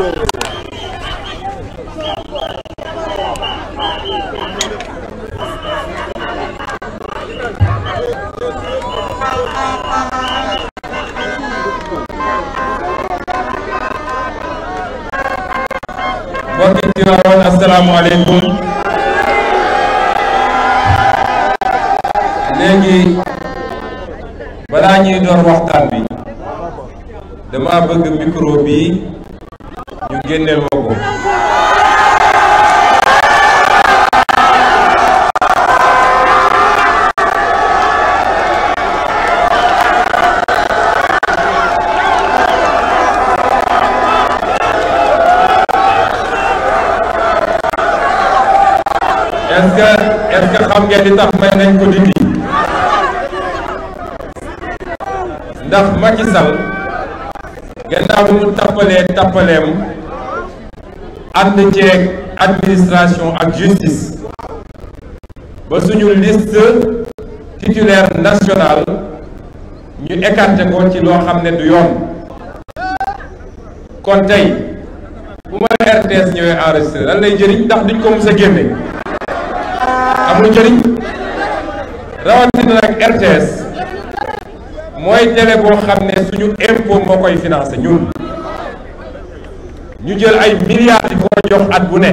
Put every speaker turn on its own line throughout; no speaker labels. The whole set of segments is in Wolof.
kidogo. mbokk yi di waawoon asalaamaaleykum léegi balaa ñuy door waxtaan bi dama bëgg micro bi génneel ma ko est xam ngeen di tax may nañ ko dindi ndax Macky Sall gannaaw mu tappalee tappaleem ànd ceeg administration ak justice ba suñu liste titulaire nationale ñu écarté ko ci loo xam ne du yoon kon tey bu ma RTS lan lay jëriñ ndax duñ ko mës a génne amul jëriñ rawatina nag RTS mooy télé boo xam ne suñu impôt moo koy financé ñun ñu jël ay milliards di ko jox at bu ne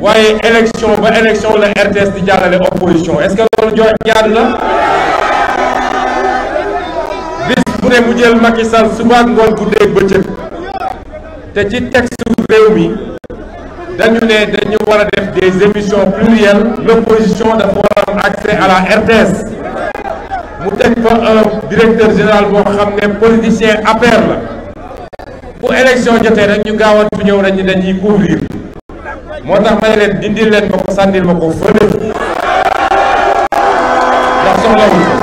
waaye élection ba élection la RTS di jàllale opposition est-ce jox jaar na bu ne mu jël Macky Sall suba ak bëccëg te ci texte réew mi dañu ne dañu war a def des émissions plurielles l'opposition dafa war a à la RTS mu teg fa un directeur général boo xam ne politicien APR la bu élection jotee rek ñu gaawantu ñëw nañu dañuy ouvrir moo tax ma ne leen dindil leen ma ko sànnil ma ko fële ndax soxlawul ko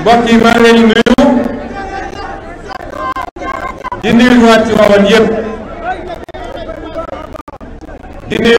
mbokk yi maa ngi leen nuyu di nuyu ñëwaat ci waawan yëpp